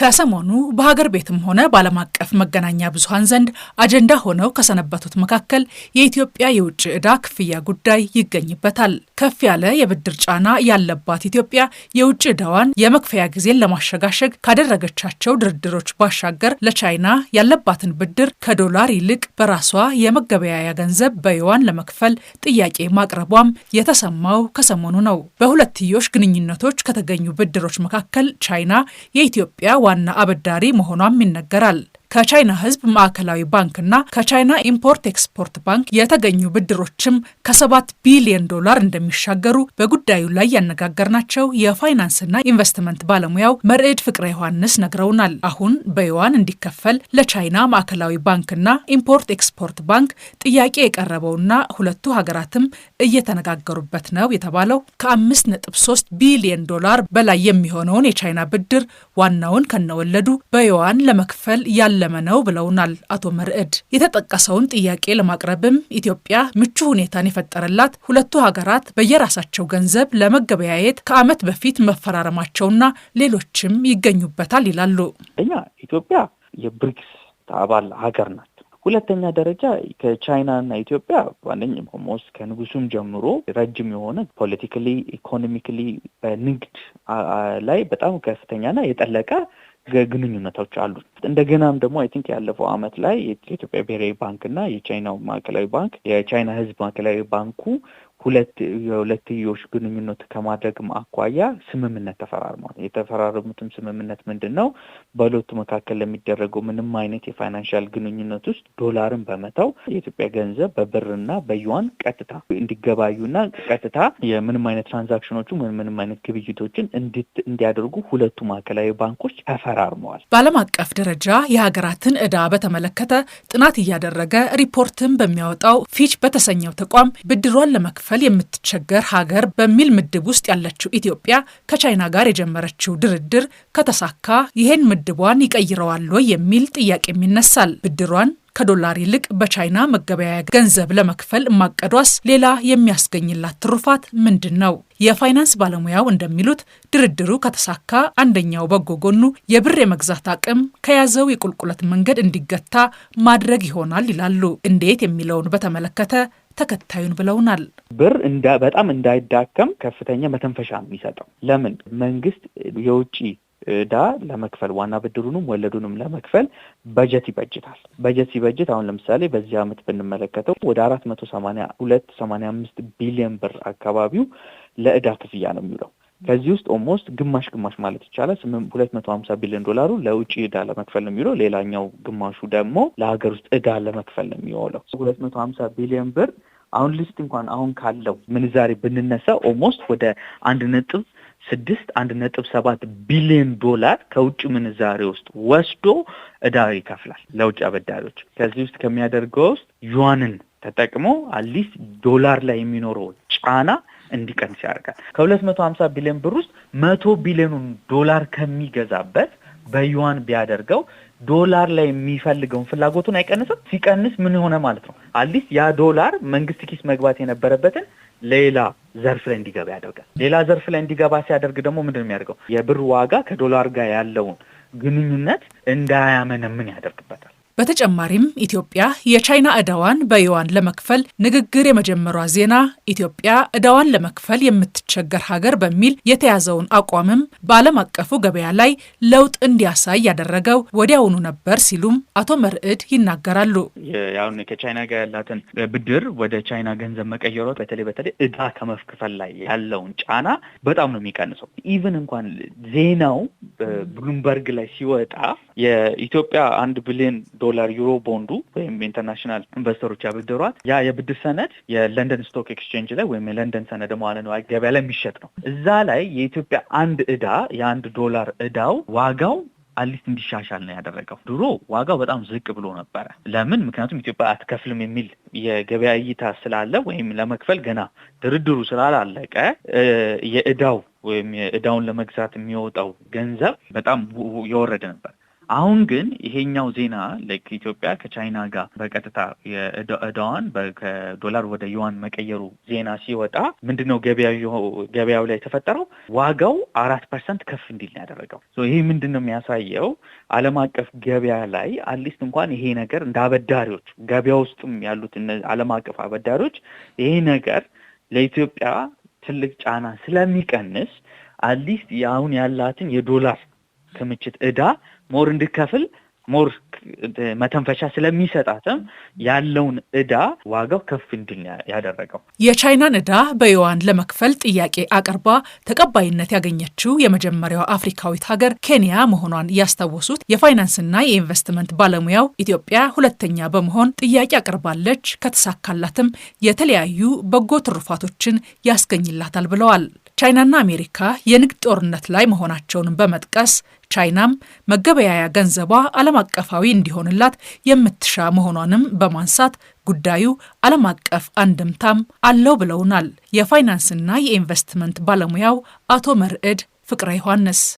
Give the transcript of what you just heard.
ከሰሞኑ በሀገር ቤትም ሆነ በዓለም አቀፍ መገናኛ ብዙሀን ዘንድ አጀንዳ ሆነው ከሰነበቱት መካከል የኢትዮጵያ የውጭ ዕዳ ክፍያ ጉዳይ ይገኝበታል። ከፍ ያለ የብድር ጫና ያለባት ኢትዮጵያ የውጭ ዕዳዋን የመክፈያ ጊዜን ለማሸጋሸግ ካደረገቻቸው ድርድሮች ባሻገር ለቻይና ያለባትን ብድር ከዶላር ይልቅ በራሷ የመገበያያ ገንዘብ በይዋን ለመክፈል ጥያቄ ማቅረቧም የተሰማው ከሰሞኑ ነው። በሁለትዮሽ ግንኙነቶች ከተገኙ ብድሮች መካከል ቻይና የኢትዮጵያ ዋና አበዳሪ መሆኗም ይነገራል። ከቻይና ህዝብ ማዕከላዊ ባንክና ከቻይና ኢምፖርት ኤክስፖርት ባንክ የተገኙ ብድሮችም ከሰባት ቢሊዮን ዶላር እንደሚሻገሩ በጉዳዩ ላይ ያነጋገርናቸው የፋይናንስና ኢንቨስትመንት ባለሙያው መርዕድ ፍቅረ ዮሐንስ ነግረውናል። አሁን በዩዋን እንዲከፈል ለቻይና ማዕከላዊ ባንክና ኢምፖርት ኤክስፖርት ባንክ ጥያቄ የቀረበውና ሁለቱ ሀገራትም እየተነጋገሩበት ነው የተባለው ከአምስት ነጥብ ሶስት ቢሊዮን ዶላር በላይ የሚሆነውን የቻይና ብድር ዋናውን ከነወለዱ በዩዋን ለመክፈል ያለ የጨለመ ነው ብለውናል አቶ መርዕድ። የተጠቀሰውን ጥያቄ ለማቅረብም ኢትዮጵያ ምቹ ሁኔታን የፈጠረላት ሁለቱ ሀገራት በየራሳቸው ገንዘብ ለመገበያየት ከዓመት በፊት መፈራረማቸውና ሌሎችም ይገኙበታል ይላሉ። እኛ ኢትዮጵያ የብሪክስ አባል ሀገር ናት። ሁለተኛ ደረጃ ከቻይና እና ኢትዮጵያ በአንደኛ ሞስ ከንጉሱም ጀምሮ ረጅም የሆነ ፖለቲካሊ ኢኮኖሚካሊ በንግድ ላይ በጣም ከፍተኛና የጠለቀ ግንኙነቶች አሉት። እንደገናም ደግሞ አይ ቲንክ ያለፈው አመት ላይ የኢትዮጵያ ብሔራዊ ባንክ እና የቻይናው ማዕከላዊ ባንክ የቻይና ህዝብ ማዕከላዊ ባንኩ ሁለት የሁለትዮሽ ግንኙነት ከማድረግም አኳያ ስምምነት ተፈራርመዋል። የተፈራረሙትም ስምምነት ምንድን ነው? በሁለቱ መካከል ለሚደረገው ምንም አይነት የፋይናንሻል ግንኙነት ውስጥ ዶላርን በመተው የኢትዮጵያ ገንዘብ በብርና በዩዋን ቀጥታ እንዲገባዩና ቀጥታ የምንም አይነት ትራንዛክሽኖቹ ምንም አይነት ግብይቶችን እንዲያደርጉ ሁለቱ ማዕከላዊ ባንኮች ተፈራርመዋል። በዓለም አቀፍ ደረጃ የሀገራትን እዳ በተመለከተ ጥናት እያደረገ ሪፖርትን በሚያወጣው ፊች በተሰኘው ተቋም ብድሯን ለመክፈል ለመክፈል የምትቸገር ሀገር በሚል ምድብ ውስጥ ያለችው ኢትዮጵያ ከቻይና ጋር የጀመረችው ድርድር ከተሳካ ይህን ምድቧን ይቀይረዋል ወይ የሚል ጥያቄም ይነሳል። ብድሯን ከዶላር ይልቅ በቻይና መገበያያ ገንዘብ ለመክፈል ማቀዷስ ሌላ የሚያስገኝላት ትሩፋት ምንድን ነው? የፋይናንስ ባለሙያው እንደሚሉት ድርድሩ ከተሳካ አንደኛው በጎ ጎኑ የብር የመግዛት አቅም ከያዘው የቁልቁለት መንገድ እንዲገታ ማድረግ ይሆናል ይላሉ። እንዴት የሚለውን በተመለከተ ተከታዩን ብለውናል። ብር በጣም እንዳይዳከም ከፍተኛ መተንፈሻ የሚሰጠው ለምን መንግስት የውጭ እዳ ለመክፈል ዋና ብድሩንም ወለዱንም ለመክፈል በጀት ይበጅታል። በጀት ሲበጅት አሁን ለምሳሌ በዚህ አመት ብንመለከተው ወደ አራት መቶ ሰማንያ ሁለት ሰማንያ አምስት ቢሊዮን ብር አካባቢው ለእዳ ክፍያ ነው የሚውለው። ከዚህ ውስጥ ኦልሞስት ግማሽ ግማሽ ማለት ይቻላል ሁለት መቶ ሀምሳ ቢሊዮን ዶላሩ ለውጭ ዕዳ ለመክፈል ነው የሚውለው። ሌላኛው ግማሹ ደግሞ ለሀገር ውስጥ ዕዳ ለመክፈል ነው የሚውለው። ሁለት መቶ ሀምሳ ቢሊዮን ብር አሁን ሊስት እንኳን አሁን ካለው ምንዛሬ ብንነሳ ኦልሞስት ወደ አንድ ነጥብ ስድስት አንድ ነጥብ ሰባት ቢሊዮን ዶላር ከውጭ ምንዛሬ ውስጥ ወስዶ እዳ ይከፍላል ለውጭ አበዳሪዎች። ከዚህ ውስጥ ከሚያደርገው ውስጥ ዩዋንን ተጠቅሞ አትሊስት ዶላር ላይ የሚኖረው ጫና እንዲቀንስ ያደርጋል። ከሁለት መቶ ሀምሳ ቢሊዮን ብር ውስጥ መቶ ቢሊዮኑን ዶላር ከሚገዛበት በዩዋን ቢያደርገው ዶላር ላይ የሚፈልገውን ፍላጎቱን አይቀንስም። ሲቀንስ ምን ሆነ ማለት ነው? አዲስ ያ ዶላር መንግስት ኪስ መግባት የነበረበትን ሌላ ዘርፍ ላይ እንዲገባ ያደርጋል። ሌላ ዘርፍ ላይ እንዲገባ ሲያደርግ ደግሞ ምንድን ነው የሚያደርገው? የብር ዋጋ ከዶላር ጋር ያለውን ግንኙነት እንዳያመነምን ያደርግበታል። በተጨማሪም ኢትዮጵያ የቻይና ዕዳዋን በዩዋን ለመክፈል ንግግር የመጀመሯ ዜና ኢትዮጵያ ዕዳዋን ለመክፈል የምትቸገር ሀገር በሚል የተያዘውን አቋምም በዓለም አቀፉ ገበያ ላይ ለውጥ እንዲያሳይ ያደረገው ወዲያውኑ ነበር ሲሉም አቶ መርዕድ ይናገራሉ። ያሁን ከቻይና ጋር ያላትን ብድር ወደ ቻይና ገንዘብ መቀየሯ በተለይ በተለይ ዕዳ ከመክፈል ላይ ያለውን ጫና በጣም ነው የሚቀንሰው። ኢቨን እንኳን ዜናው ብሉምበርግ ላይ ሲወጣ የኢትዮጵያ አንድ ቢሊዮን ዶላር፣ ዩሮ ቦንዱ ወይም ኢንተርናሽናል ኢንቨስተሮች ያበደሯት ያ የብድር ሰነድ የለንደን ስቶክ ኤክስቼንጅ ላይ ወይም የለንደን ሰነድ መዋለ ነው ገበያ ላይ የሚሸጥ ነው። እዛ ላይ የኢትዮጵያ አንድ እዳ የአንድ ዶላር እዳው ዋጋው አትሊስት እንዲሻሻል ነው ያደረገው። ድሮ ዋጋው በጣም ዝቅ ብሎ ነበረ። ለምን? ምክንያቱም ኢትዮጵያ አትከፍልም የሚል የገበያ እይታ ስላለ ወይም ለመክፈል ገና ድርድሩ ስላላለቀ የእዳው ወይም ዕዳውን ለመግዛት የሚወጣው ገንዘብ በጣም የወረደ ነበር። አሁን ግን ይሄኛው ዜና ኢትዮጵያ ከቻይና ጋር በቀጥታ እዳዋን ከዶላር ወደ ዩዋን መቀየሩ ዜና ሲወጣ ምንድን ነው ገበያው ላይ የተፈጠረው ዋጋው አራት ፐርሰንት ከፍ እንዲል ነው ያደረገው። ይሄ ምንድን ነው የሚያሳየው? ዓለም አቀፍ ገበያ ላይ አትሊስት እንኳን ይሄ ነገር እንደ አበዳሪዎች ገበያ ውስጥም ያሉት ዓለም አቀፍ አበዳሪዎች ይሄ ነገር ለኢትዮጵያ ትልቅ ጫና ስለሚቀንስ አትሊስት አሁን ያላትን የዶላር ክምችት እዳ ሞር እንድከፍል ሞር መተንፈሻ ስለሚሰጣትም ያለውን እዳ ዋጋው ከፍ እንዲል ያደረገው የቻይናን እዳ በዩዋን ለመክፈል ጥያቄ አቅርባ ተቀባይነት ያገኘችው የመጀመሪያው አፍሪካዊት ሀገር ኬንያ መሆኗን ያስታወሱት የፋይናንስና የኢንቨስትመንት ባለሙያው ኢትዮጵያ ሁለተኛ በመሆን ጥያቄ አቅርባለች፣ ከተሳካላትም የተለያዩ በጎ ትሩፋቶችን ያስገኝላታል ብለዋል። ቻይናና አሜሪካ የንግድ ጦርነት ላይ መሆናቸውን በመጥቀስ ቻይናም መገበያያ ገንዘቧ ዓለም አቀፋዊ እንዲሆንላት የምትሻ መሆኗንም በማንሳት ጉዳዩ ዓለም አቀፍ አንድምታም አለው ብለውናል የፋይናንስና የኢንቨስትመንት ባለሙያው አቶ መርዕድ ፍቅረ ዮሐንስ።